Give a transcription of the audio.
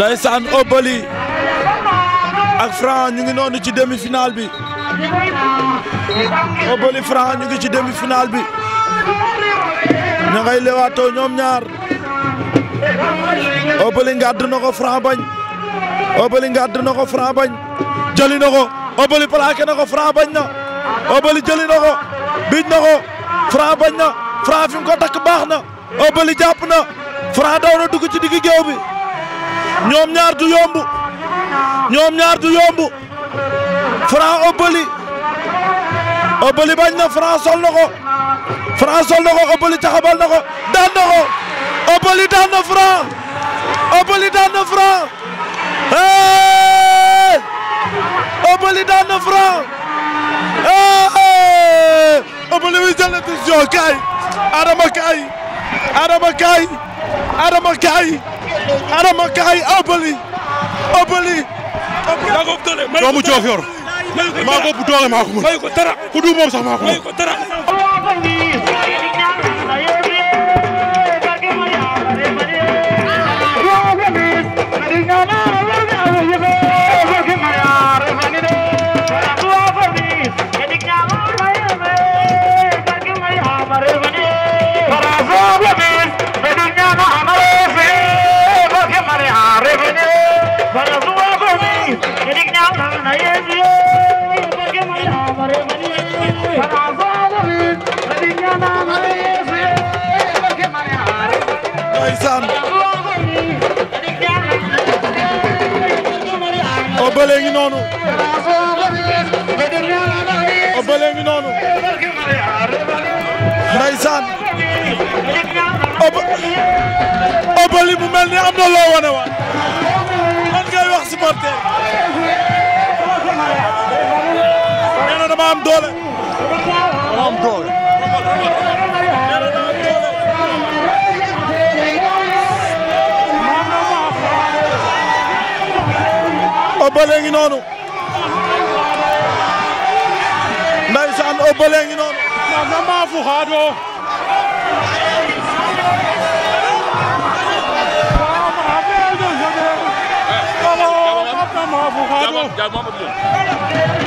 ndeysaan Obali ak Franc ñu ngi noonu ci demi-finale bi Obali Franc ñu ngi ci demi-finale bi ña ngay lewaatoo ñoom ñaar Obali ngàdd na ko Franc bañ Obali ngàdd na ko Franc bañ jëli na ko Obali plaqué na ko Franc bañ na Obali jëli na ko biñ na ko Franc bañ na Franc fi ko takk baax na Obali jàpp na Franc daw na dugg ci digg géew bi ñoom ñaar du yomb ñoom ñaar du yomb Franc Obeuly Obeuly bañ na Franc sol na ko Franc sol na ko Obeuly taxabal na ko daan na ko Obeuly daan na Franc Obeuly daan na na Franc eh Obeuly wi jël na décision kaay Adama kaay Adama kaay Adama kaay Adama kaay Obeuly Obeuly. maa ko doole mayu ko maa ko doole maa ko ku du sax maa ko ndeysaan Obeuly ngi noonu Obeuly ngi noonu ndeysaan Obeuly mu mel ni am na loo wane wa lan ngay wax supporter nee na dama am doole Obeuly ngi noonu ndeysaan Obeuly ngi noonu ma fu xaado ma fu xaado